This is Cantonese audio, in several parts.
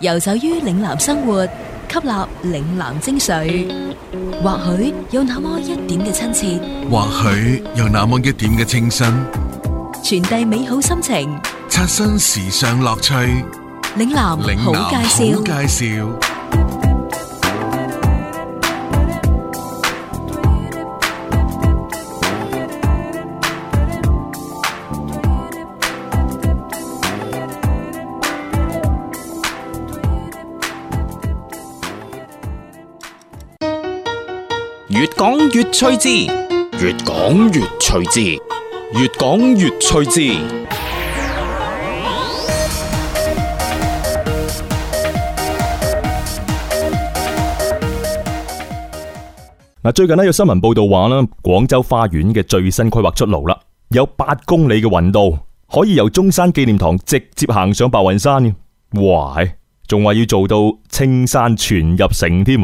遊走於嶺南生活，吸納嶺南精髓，或許有那麼一點嘅親切，或許有那麼一點嘅清新，傳遞美好心情，刷新時尚樂趣。嶺南好介紹，好介紹。越趣致，越講越趣致，越講越趣致。嗱，最近咧有新聞報道話啦，廣州花園嘅最新規劃出爐啦，有八公里嘅雲道可以由中山紀念堂直接行上白雲山嘅，哇仲話要做到青山全入城添。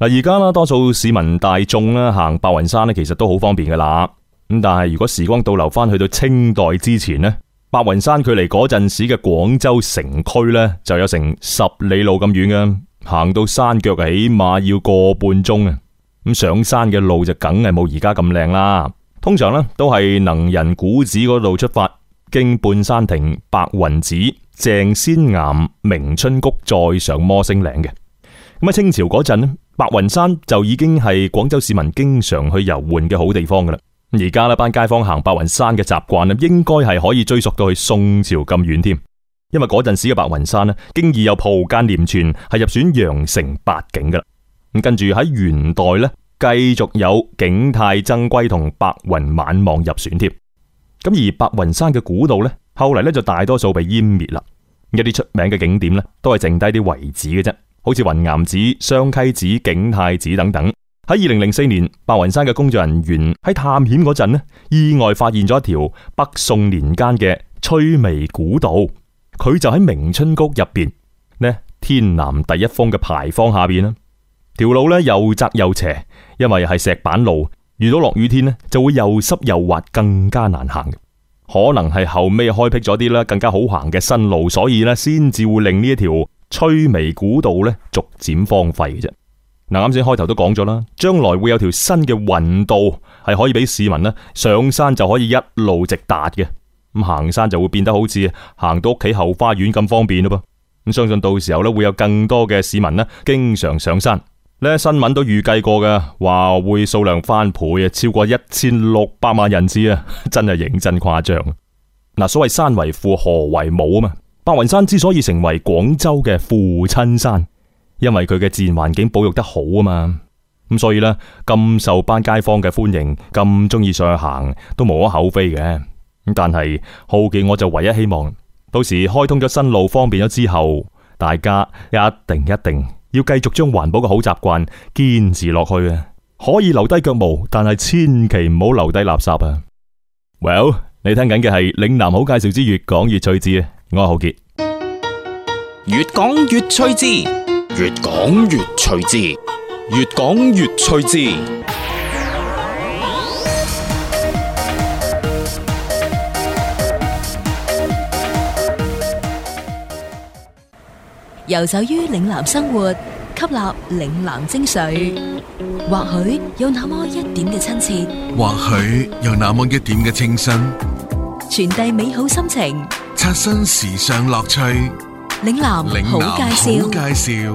嗱，而家啦，多數市民大眾啦行白雲山咧，其實都好方便噶啦。咁但係如果時光倒流翻去到清代之前咧，白雲山距離嗰陣時嘅廣州城區咧就有成十里路咁遠噶，行到山腳起碼要個半鐘啊。咁上山嘅路就梗係冇而家咁靚啦。通常咧都係能仁古寺嗰度出發，經半山亭、白雲寺、鄭仙岩、明春谷，再上摩星嶺嘅。咁喺清朝嗰陣咧。白雲山就已經係廣州市民經常去遊玩嘅好地方噶啦，而家咧班街坊行白雲山嘅習慣咧，應該係可以追溯到去宋朝咁遠添，因為嗰陣時嘅白雲山咧，經已有蒲澗濂泉係入選羊城八景噶啦。咁跟住喺元代咧，繼續有景泰僧歸同白雲晚望入選添。咁而白雲山嘅古道咧，後嚟咧就大多數被湮滅啦，一啲出名嘅景點咧，都係剩低啲遺址嘅啫。好似雲岩寺、雙溪寺、景泰寺等等。喺二零零四年，白雲山嘅工作人員喺探險嗰陣呢，意外發現咗一條北宋年間嘅翠微古道。佢就喺明春谷入邊呢，天南第一峰嘅牌坊下邊啦。條路咧又窄又斜，因為係石板路，遇到落雨天呢就會又濕又滑，更加難行。可能係後尾開闢咗啲啦，更加好行嘅新路，所以咧先至會令呢一條。翠微古道咧，逐漸荒廢嘅啫。嗱，啱先開頭都講咗啦，將來會有條新嘅雲道，係可以俾市民咧上山就可以一路直達嘅。咁行山就會變得好似行到屋企後花園咁方便咯噃。咁相信到時候咧會有更多嘅市民咧經常上山。呢新聞都預計過嘅，話會數量翻倍啊，超過一千六百萬人次啊，真係認真誇張。嗱，所謂山為父，河為母啊嘛。白雲山之所以成為廣州嘅父親山，因為佢嘅自然環境保育得好啊嘛。咁所以呢，咁受班街坊嘅歡迎，咁鍾意上去行都無可厚非嘅。咁但係好奇我就唯一希望，到時開通咗新路方便咗之後，大家一定一定要繼續將環保嘅好習慣堅持落去啊。可以留低腳毛，但係千祈唔好留低垃圾啊。Well，你聽緊嘅係嶺南好介紹之越講越趣志啊。我係浩傑，越講越趣致，越講越趣致，越講越趣致。游走於嶺南生活，吸納嶺南精髓，或許有那麼一點嘅親切，或許有那麼一點嘅清新，傳遞美好心情。刷新時尚樂趣，嶺南好介紹。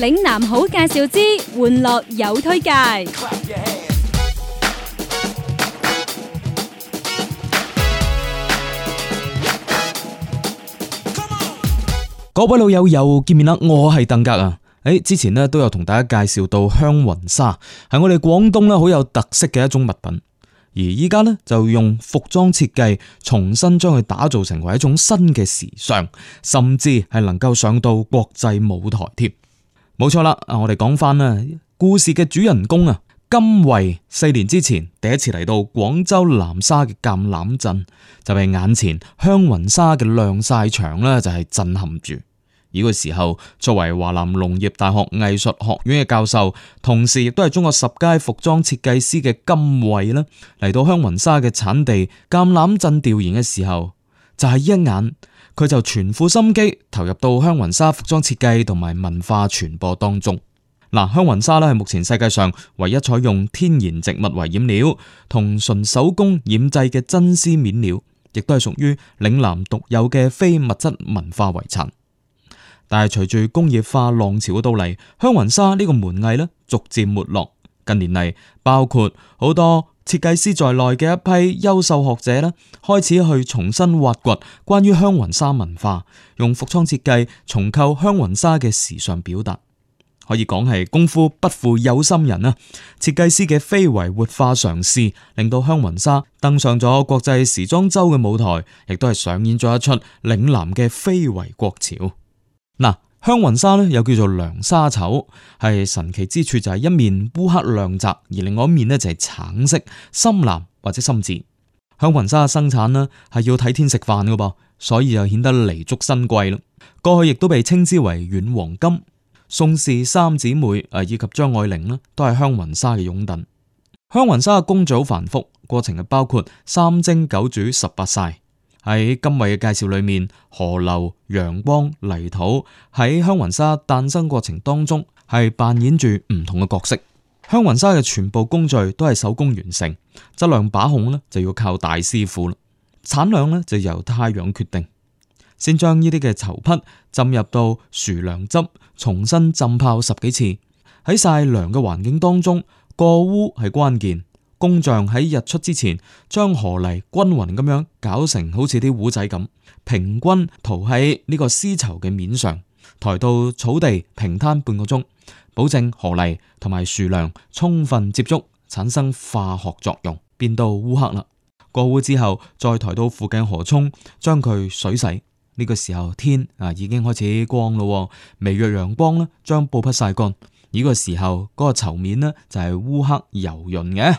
嶺南好介紹之玩樂有推介。各位老友又見面啦，我係鄧格啊！誒，之前咧都有同大家介紹到香雲紗係我哋廣東咧好有特色嘅一種物品，而依家咧就用服裝設計重新將佢打造成為一種新嘅時尚，甚至係能夠上到國際舞台添。冇錯啦，啊，我哋講翻啦，故事嘅主人公啊。金惠四年之前第一次嚟到廣州南沙嘅橄欖鎮，就被眼前香雲紗嘅晾曬場呢就係震撼住。而、這個時候，作為華南農業大學藝術學院嘅教授，同時亦都係中國十佳服裝設計師嘅金惠呢嚟到香雲紗嘅產地橄欖鎮調研嘅時候，就係、是、一眼佢就全副心機投入到香雲紗服裝設計同埋文化傳播當中。嗱，香雲紗咧係目前世界上唯一採用天然植物為染料同純手工染製嘅真絲面料，亦都係屬於嶺南獨有嘅非物質文化遺產。但係隨住工業化浪潮嘅到嚟，香雲紗呢個門藝咧逐漸沒落。近年嚟，包括好多設計師在內嘅一批優秀學者呢，開始去重新挖掘關於香雲紗文化，用服裝設計重構香雲紗嘅時尚表達。可以講係功夫不負有心人啊，設計師嘅非遺活化嘗試，令到香雲紗登上咗國際時裝周嘅舞台，亦都係上演咗一出嶺南嘅非遺國潮。嗱、啊，香雲紗呢又叫做涼紗綢，係神奇之處就係一面烏黑亮澤，而另外一面呢就係橙色、深藍或者深紫。香雲紗嘅生產呢係要睇天食飯噶噃，所以就顯得彌足珍貴啦。過去亦都被稱之為軟黃金。宋氏三姊妹啊，以及張愛玲啦，都係香雲紗嘅擁躉。香雲紗嘅工序好繁複，過程係包括三蒸九煮十八曬。喺今位嘅介紹裏面，河流、陽光、泥土喺香雲紗誕生過程當中係扮演住唔同嘅角色。香雲紗嘅全部工序都係手工完成，質量把控咧就要靠大師傅啦，產量咧就由太陽決定。先將呢啲嘅綢匹浸入到薯莨汁，重新浸泡十幾次，喺曬莨嘅環境當中，過烏係關鍵。工匠喺日出之前，將河泥均匀咁樣攪成好似啲糊仔咁，平均塗喺呢個絲綢嘅面上，抬到草地平攤半個鐘，保證河泥同埋薯莨充分接觸，產生化學作用，變到烏黑啦。過烏之後，再抬到附近河涌，將佢水洗。呢個時候天啊已經開始光咯，微弱陽光咧將布匹曬乾。呢、這個時候嗰、那個綢面呢就係、是、烏黑油潤嘅。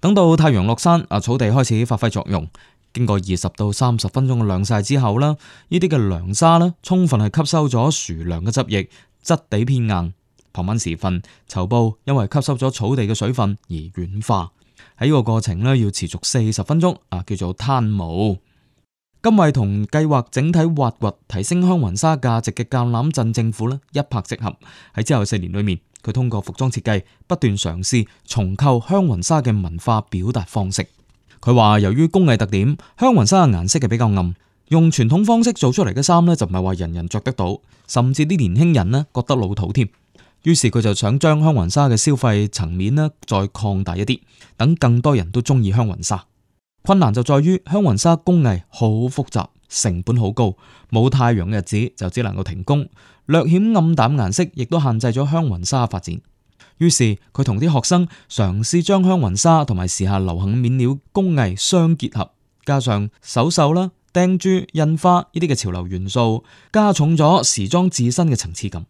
等到太陽落山，啊草地開始發揮作用。經過二十到三十分鐘嘅晾曬之後，呢啲嘅涼沙啦充分係吸收咗薯糧嘅汁液，質地偏硬。傍晚時分，綢布因為吸收咗草地嘅水分而軟化。喺呢個過程呢，要持續四十分鐘，啊叫做「攤毛」。今為同計劃整體挖掘、提升香雲紗價值嘅橄欖鎮政府咧一拍即合。喺之後四年裏面，佢通過服裝設計不斷嘗試重構香雲紗嘅文化表達方式。佢話由於工藝特點，香雲紗嘅顏色係比較暗，用傳統方式做出嚟嘅衫呢就唔係話人人着得到，甚至啲年輕人咧覺得老土添。於是佢就想將香雲紗嘅消費層面咧再擴大一啲，等更多人都中意香雲紗。困難就在於香雲紗工藝好複雜，成本好高，冇太陽嘅日子就只能夠停工。略顯暗淡顏色亦都限制咗香雲紗發展。於是佢同啲學生嘗試將香雲紗同埋時下流行面料工藝相結合，加上手繡啦、釘珠、印花呢啲嘅潮流元素，加重咗時裝自身嘅層次感。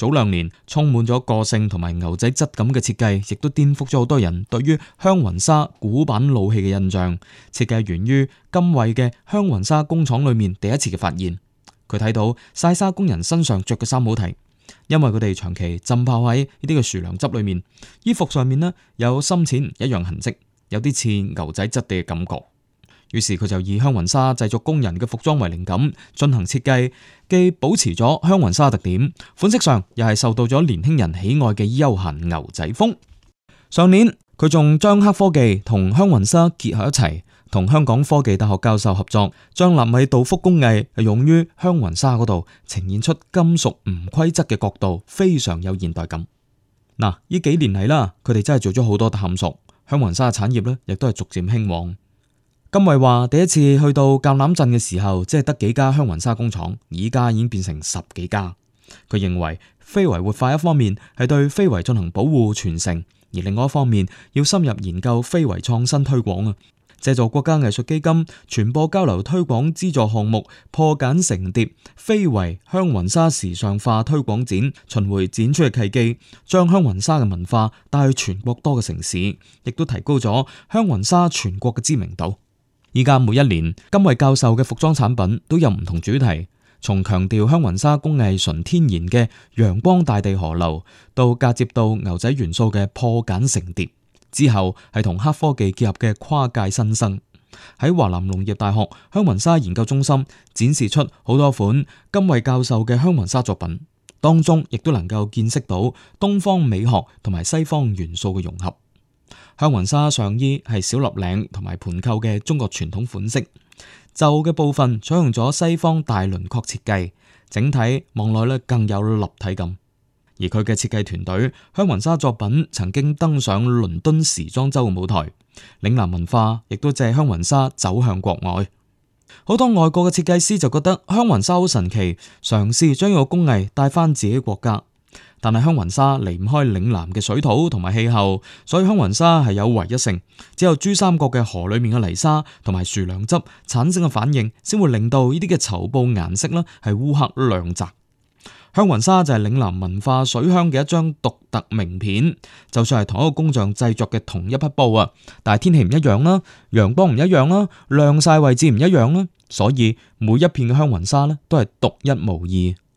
早兩年，充滿咗個性同埋牛仔質感嘅設計，亦都顛覆咗好多人對於香雲紗古板老氣嘅印象。設計源於金惠嘅香雲紗工廠裏面第一次嘅發現。佢睇到晒紗工人身上着嘅衫好睇，因為佢哋長期浸泡喺呢啲嘅薯莨汁裏面，衣服上面呢，有深淺唔一樣痕迹，有啲似牛仔質地嘅感覺。於是佢就以香雲紗製作工人嘅服裝為靈感進行設計，既保持咗香雲紗特點，款式上又係受到咗年輕人喜愛嘅休閒牛仔風。上年佢仲將黑科技同香雲紗結合一齊，同香港科技大學教授合作，將納米鍍覆工藝用於香雲紗嗰度，呈現出金屬唔規則嘅角度，非常有現代感。嗱，呢幾年嚟，啦，佢哋真係做咗好多探索，香雲紗產業咧亦都係逐漸興旺。金惠話：第一次去到橄欖鎮嘅時候，只係得幾家香雲紗工廠，而家已經變成十幾家。佢認為非遺活化一方面係對非遺進行保護傳承，而另外一方面要深入研究非遺創新推廣啊。藉助國家藝術基金傳播交流推廣資助項目，破繭成蝶，非遺香雲紗時尚化推廣展，巡迴展出嘅契機，將香雲紗嘅文化帶去全國多個城市，亦都提高咗香雲紗全國嘅知名度。依家每一年，金惠教授嘅服裝產品都有唔同主題，從強調香雲紗工藝純天然嘅陽光大地河流，到嫁接到牛仔元素嘅破繭成蝶，之後係同黑科技結合嘅跨界新生。喺華南農業大學香雲紗研究中心展示出好多款金惠教授嘅香雲紗作品，當中亦都能夠見識到東方美學同埋西方元素嘅融合。香雲紗上衣係小立領同埋盤扣嘅中國傳統款式，袖嘅部分採用咗西方大輪廓設計，整體望落咧更有立體感。而佢嘅設計團隊，香雲紗作品曾經登上倫敦時裝週嘅舞台，嶺南文化亦都借香雲紗走向國外。好多外國嘅設計師就覺得香雲紗好神奇，嘗試將呢個工藝帶翻自己國家。但係香雲紗離唔開嶺南嘅水土同埋氣候，所以香雲紗係有唯一性。只有珠三角嘅河裏面嘅泥沙同埋薯莨汁產生嘅反應，先會令到呢啲嘅綢布顏色呢係烏黑亮澤。香雲紗就係嶺南文化水鄉嘅一張獨特名片。就算係同一個工匠製作嘅同一匹布啊，但係天氣唔一樣啦，陽光唔一樣啦，晾晒位置唔一樣啦，所以每一片嘅香雲紗呢都係獨一無二。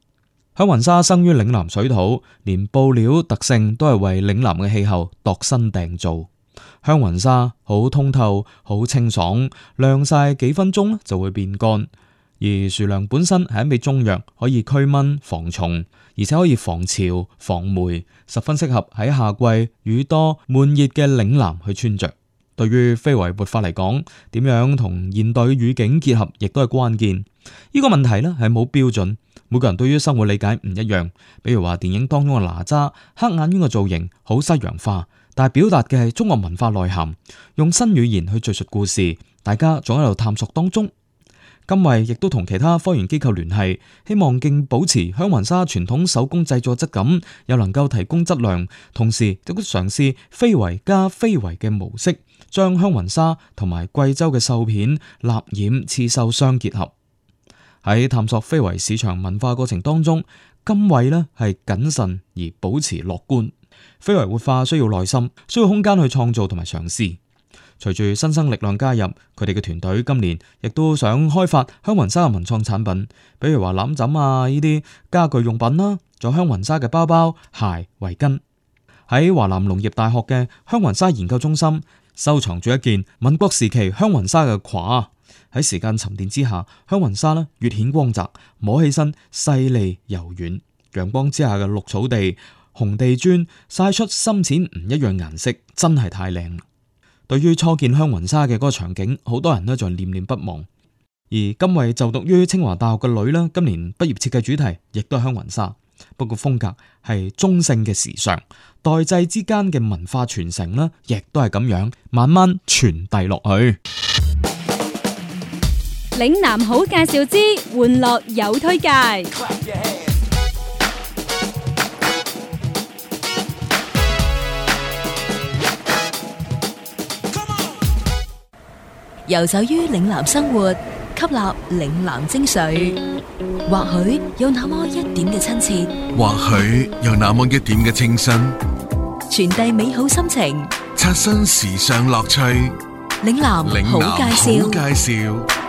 香雲紗生於嶺南水土，連布料特性都係為嶺南嘅氣候度身訂造。香雲紗好通透，好清爽，晾曬幾分鐘就會變乾。而薯莨本身係一味中藥，可以驅蚊防蟲，而且可以防潮防霉，十分適合喺夏季雨多悶熱嘅嶺南去穿着。對於非遺活法嚟講，點樣同現代嘅語境結合，亦都係關鍵。呢個問題呢係冇標準。每個人對於生活理解唔一樣，比如話電影當中嘅哪吒黑眼圈嘅造型好西洋化，但係表達嘅係中國文化內涵，用新語言去敘述故事，大家仲喺度探索當中。今惠亦都同其他科研機構聯繫，希望既保持香雲紗傳統手工製作質感，又能夠提供質量，同時都嘗試非遺加非遺嘅模式，將香雲紗同埋貴州嘅繡片、納染刺繡相結合。喺探索非遺市場文化過程當中，金衛呢係謹慎而保持樂觀。非遺活化需要耐心，需要空間去創造同埋嘗試。隨住新生力量加入，佢哋嘅團隊今年亦都想開發香雲紗嘅文創產品，比如話攬枕啊呢啲家具用品啦，仲有香雲紗嘅包包、鞋、圍巾。喺華南農業大學嘅香雲紗研究中心，收藏住一件民國時期香雲紗嘅褂。喺時間沉澱之下，香雲紗呢越顯光澤，摸起身細膩柔軟。陽光之下嘅綠草地、紅地磚，曬出深淺唔一樣顏色，真係太靚啦！對於初見香雲紗嘅嗰個場景，好多人都在念念不忘。而今位就讀於清華大學嘅女呢，今年畢業設計主題亦都係香雲紗，不過風格係中性嘅時尚。代際之間嘅文化傳承呢，亦都係咁樣慢慢傳遞落去。嶺南好介紹之，玩樂有推介。游走於嶺南生活，吸納嶺南精髓，或許有那麼一點嘅親切，或許有那麼一點嘅清新，傳遞美好心情，刷新時尚樂趣。嶺南好介紹。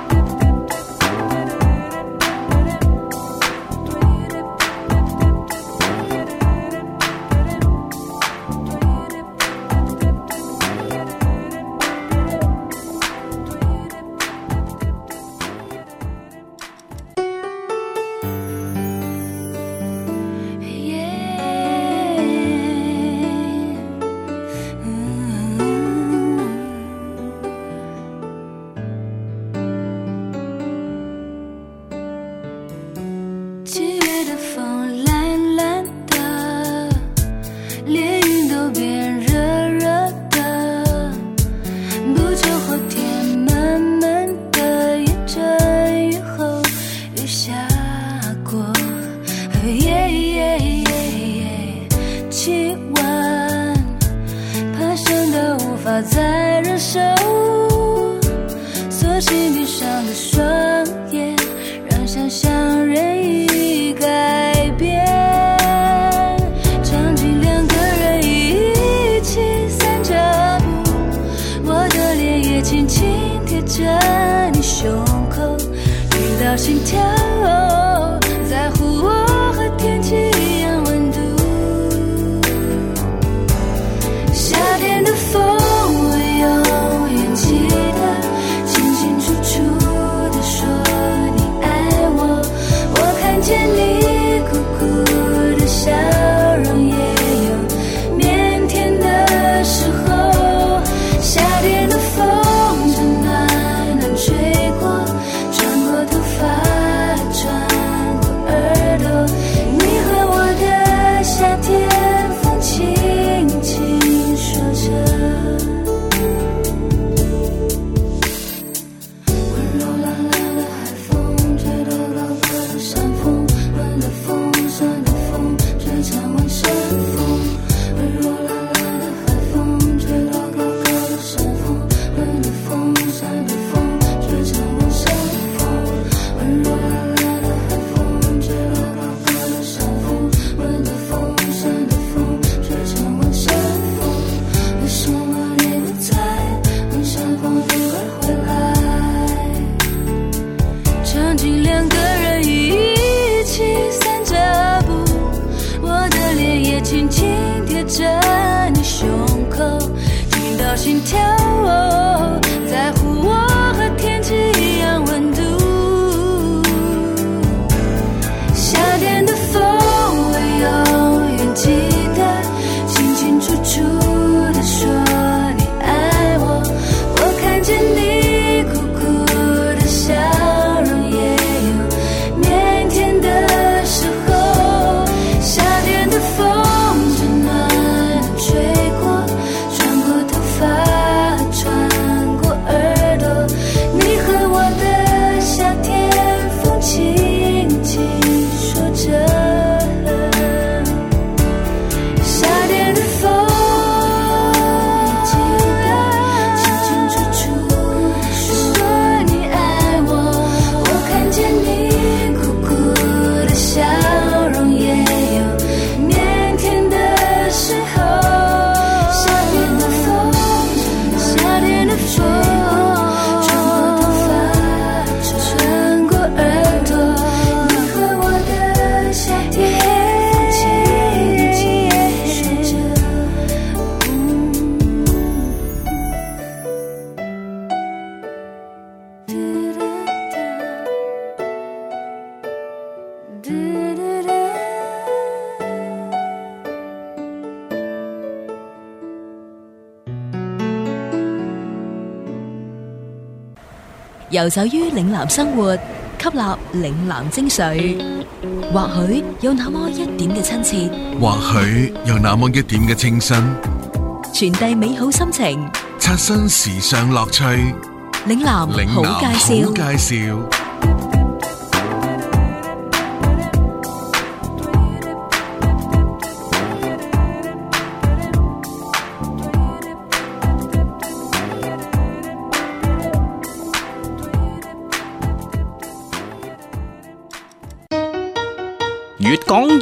心跳。遊走於嶺南生活，吸納嶺南精髓，或許有那麼一點嘅親切，或許有那麼一點嘅清新，傳遞美好心情，刷新時尚樂趣。嶺南好介紹。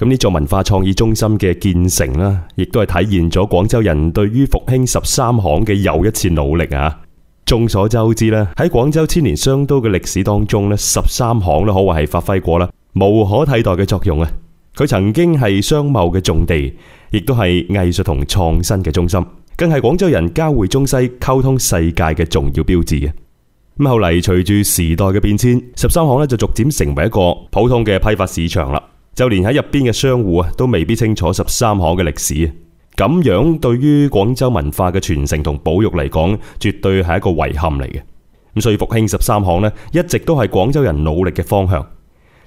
咁呢座文化創意中心嘅建成啦，亦都係體現咗廣州人對於復興十三行嘅又一次努力啊！眾所周知啦，喺廣州千年商都嘅歷史當中呢，十三行呢可謂係發揮過啦無可替代嘅作用啊！佢曾經係商貿嘅重地，亦都係藝術同創新嘅中心，更係廣州人交匯中西、溝通世界嘅重要標誌啊！咁後嚟隨住時代嘅變遷，十三行呢就逐漸成為一個普通嘅批發市場啦。就連喺入邊嘅商戶啊，都未必清楚十三行嘅歷史啊。咁樣對於廣州文化嘅傳承同保育嚟講，絕對係一個遺憾嚟嘅。咁所以復興十三行咧，一直都係廣州人努力嘅方向。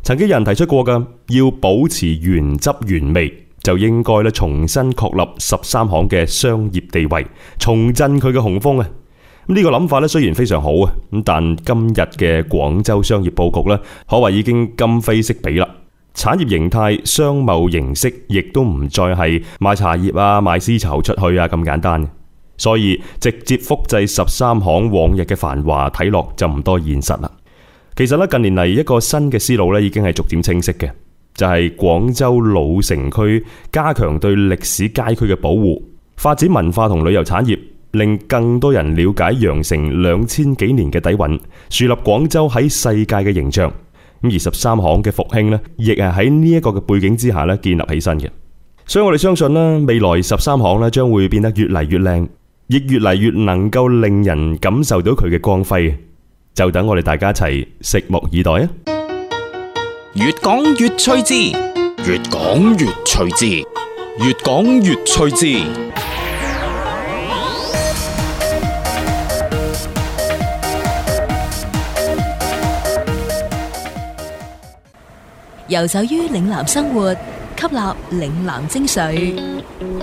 曾經有人提出過㗎，要保持原汁原味，就應該咧重新確立十三行嘅商業地位，重振佢嘅雄風啊。咁呢個諗法咧，雖然非常好啊，咁但今日嘅廣州商業佈局咧，可謂已經今非昔比啦。產業形態、商貿形式亦都唔再係賣茶葉啊、賣絲綢出去啊咁簡單，所以直接複製十三行往日嘅繁華睇落就唔多現實啦。其實呢，近年嚟一個新嘅思路呢已經係逐漸清晰嘅，就係廣州老城區加強對歷史街區嘅保護，發展文化同旅遊產業，令更多人了解羊城兩千幾年嘅底蘊，樹立廣州喺世界嘅形象。咁而十三行嘅復興咧，亦係喺呢一個嘅背景之下咧建立起身嘅。所以我哋相信咧，未來十三行咧將會變得越嚟越靚，亦越嚟越能夠令人感受到佢嘅光輝。就等我哋大家一齊拭目以待啊！越講越趣致，越講越趣致，越講越趣致。游走於嶺南生活，吸納嶺南精髓，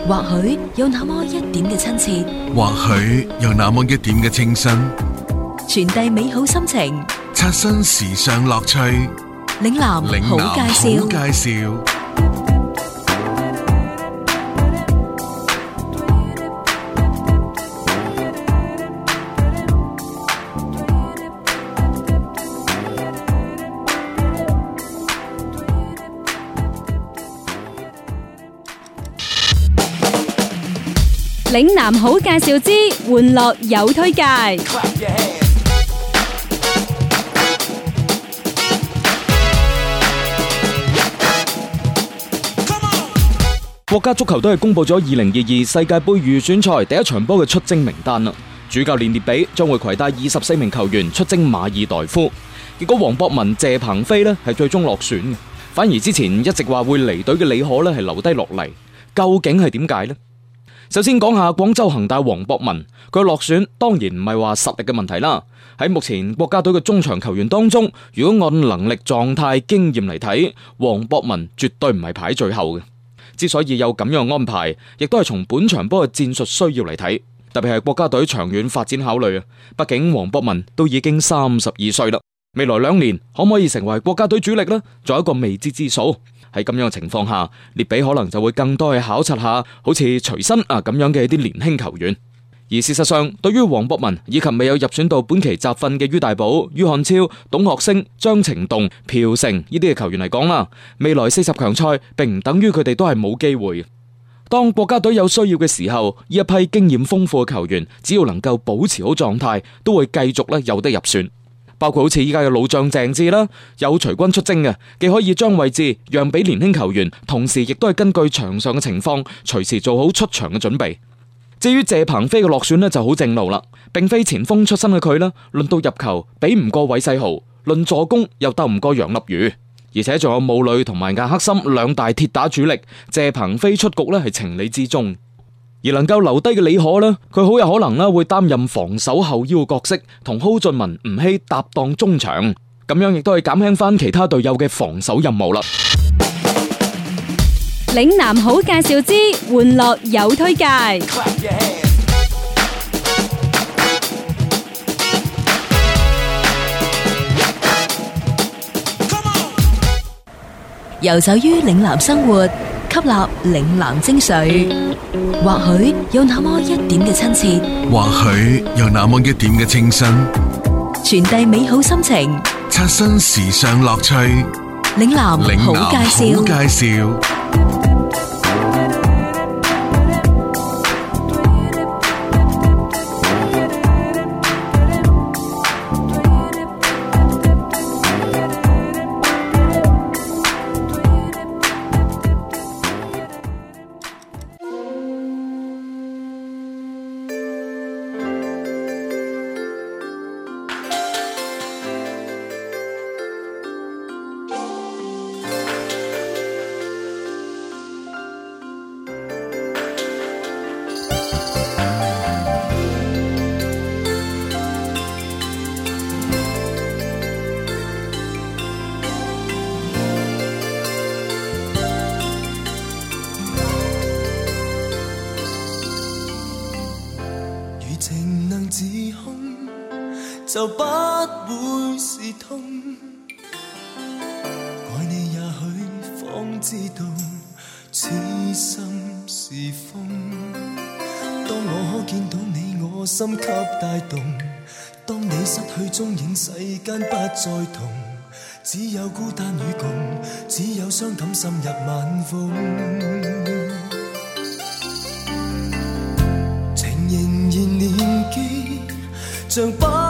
或許有那麼一點嘅親切，或許有那麼一點嘅清新，傳遞美好心情，刷新時尚樂趣。嶺南好介紹。嶺南好介紹之，玩樂有推介。國家足球都係公布咗二零二二世界杯預選賽第一場波嘅出征名單啦。主教練列比將會攜帶二十四名球員出征馬爾代夫。結果黃博文、謝鵬飛呢係最終落選嘅，反而之前一直話會離隊嘅李可呢係留低落嚟。究竟係點解呢？首先講下廣州恆大黃博文，佢落選當然唔係話實力嘅問題啦。喺目前國家隊嘅中場球員當中，如果按能力、狀態、經驗嚟睇，黃博文絕對唔係排最後嘅。之所以有咁樣安排，亦都係從本場波嘅戰術需要嚟睇，特別係國家隊長遠發展考慮啊。畢竟黃博文都已經三十二歲啦，未來兩年可唔可以成為國家隊主力呢？仲有一個未知之數。喺咁樣嘅情況下，列比可能就會更多去考察下，好似徐新啊咁樣嘅一啲年輕球員。而事實上，對於黃博文以及未有入選到本期集訓嘅于大寶、于漢超、董學升、張呈棟、朴成呢啲嘅球員嚟講啦，未來四十強賽並唔等於佢哋都係冇機會。當國家隊有需要嘅時候，呢一批經驗豐富嘅球員，只要能夠保持好狀態，都會繼續咧有得入選。包括好似依家嘅老將鄭智啦，有隨軍出征嘅，既可以將位置讓俾年輕球員，同時亦都係根據場上嘅情況隨時做好出場嘅準備。至於謝鵬飛嘅落選呢，就好正路啦，並非前鋒出身嘅佢啦，論到入球比唔過韋世豪，論助攻又鬥唔過楊立瑜，而且仲有武磊同埋亞克森兩大鐵打主力，謝鵬飛出局呢，係情理之中。而能夠留低嘅李可，佢好有可能會擔任防守後腰嘅角色，同蒿俊文、吳曦搭檔中場。噉樣亦都係減輕返其他隊友嘅防守任務啦。嶺南好介紹之，玩樂有推介！ 遊走於嶺南生活。吸納嶺南精髓，或許有那麼一點嘅親切，或許有那麼一點嘅清新，傳遞美好心情，刷新時尚樂趣。嶺南好介紹。就不會是痛，愛你也許方知道痴心是風。當我可見到你，我心給帶動。當你失去蹤影，世間不再同。只有孤單與共，只有傷感滲入晚風。情仍然念記，像不。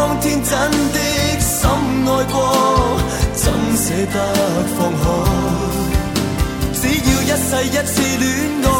當天真的深愛過，怎捨得放開？只要一世一次戀愛。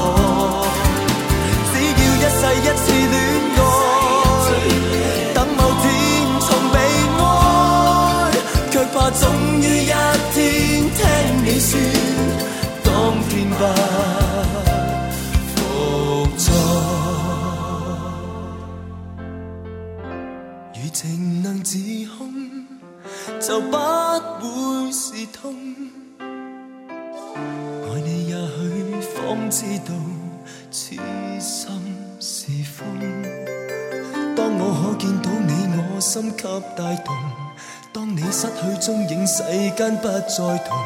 終於一天聽你説，當天不服再。如情能自控，就不會是痛。愛你也許方知道，痴心是瘋。當我可見到你，我心給帶動。當你失去蹤影，世間不再同，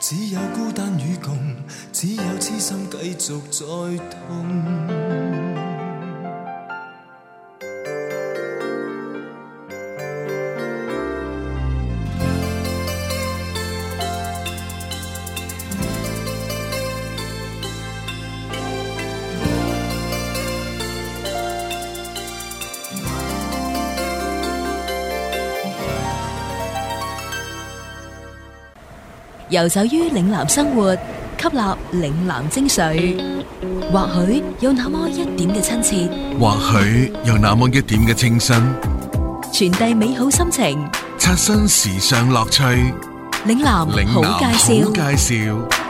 只有孤單與共，只有痴心繼續再痛。遊走於嶺南生活，吸納嶺南精髓，或許有那麼一點嘅親切，或許有那麼一點嘅清新，傳遞美好心情，刷新時尚樂趣。嶺南好介紹。